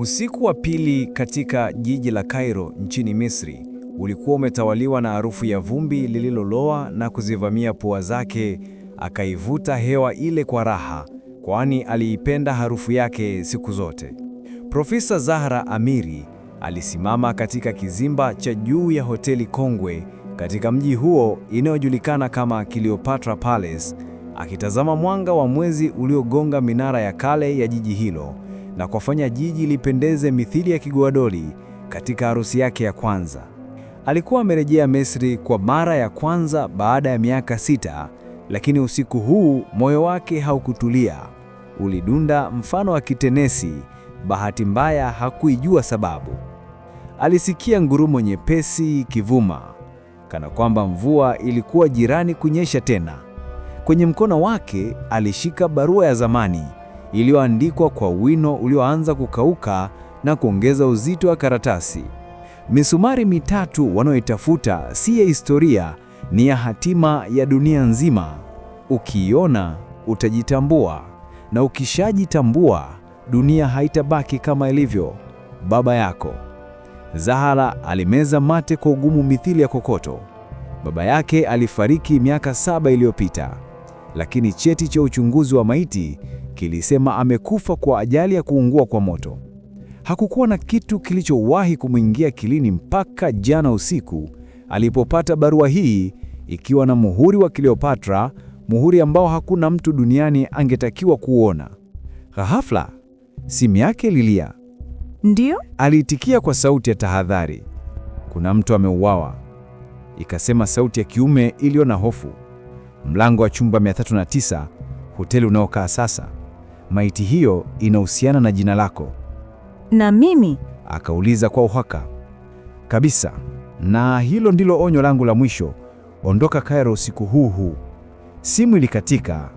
Usiku wa pili katika jiji la Cairo nchini Misri ulikuwa umetawaliwa na harufu ya vumbi lililoloa na kuzivamia pua zake. Akaivuta hewa ile kwa raha, kwani aliipenda harufu yake siku zote. Profesa Zahra Amiri alisimama katika kizimba cha juu ya hoteli kongwe katika mji huo inayojulikana kama Cleopatra Palace, akitazama mwanga wa mwezi uliogonga minara ya kale ya jiji hilo na kufanya jiji lipendeze mithili ya kiguadoli katika harusi yake ya kwanza. Alikuwa amerejea Misri kwa mara ya kwanza baada ya miaka sita, lakini usiku huu moyo wake haukutulia. Ulidunda mfano wa kitenesi. Bahati mbaya hakuijua sababu. Alisikia ngurumo nyepesi kivuma kana kwamba mvua ilikuwa jirani kunyesha tena. Kwenye mkono wake alishika barua ya zamani iliyoandikwa kwa wino ulioanza kukauka na kuongeza uzito wa karatasi. Misumari mitatu wanaoitafuta si ya historia, ni ya hatima ya dunia nzima. Ukiiona utajitambua, na ukishajitambua dunia haitabaki kama ilivyo. Baba yako Zahara alimeza mate kwa ugumu mithili ya kokoto. Baba yake alifariki miaka saba iliyopita, lakini cheti cha uchunguzi wa maiti kilisema amekufa kwa ajali ya kuungua kwa moto. Hakukuwa na kitu kilichowahi kumwingia kilini mpaka jana usiku alipopata barua hii ikiwa na muhuri wa Cleopatra, muhuri ambao hakuna mtu duniani angetakiwa kuona. Ghafla simu yake lilia. ndio aliitikia kwa sauti ya tahadhari. Kuna mtu ameuawa, ikasema sauti ya kiume iliyo na hofu. Mlango wa chumba 309 hoteli unaokaa sasa maiti hiyo inahusiana na jina lako. Na mimi? Akauliza kwa uhaka. Kabisa, na hilo ndilo onyo langu la mwisho. Ondoka Cairo usiku huu huu. Simu ilikatika.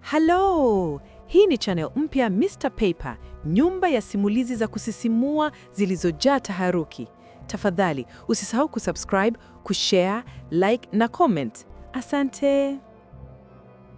Halo, hii ni channel mpya Mr. Paper, nyumba ya simulizi za kusisimua zilizojaa taharuki. Tafadhali usisahau kusubscribe, kushare, like na comment. Asante.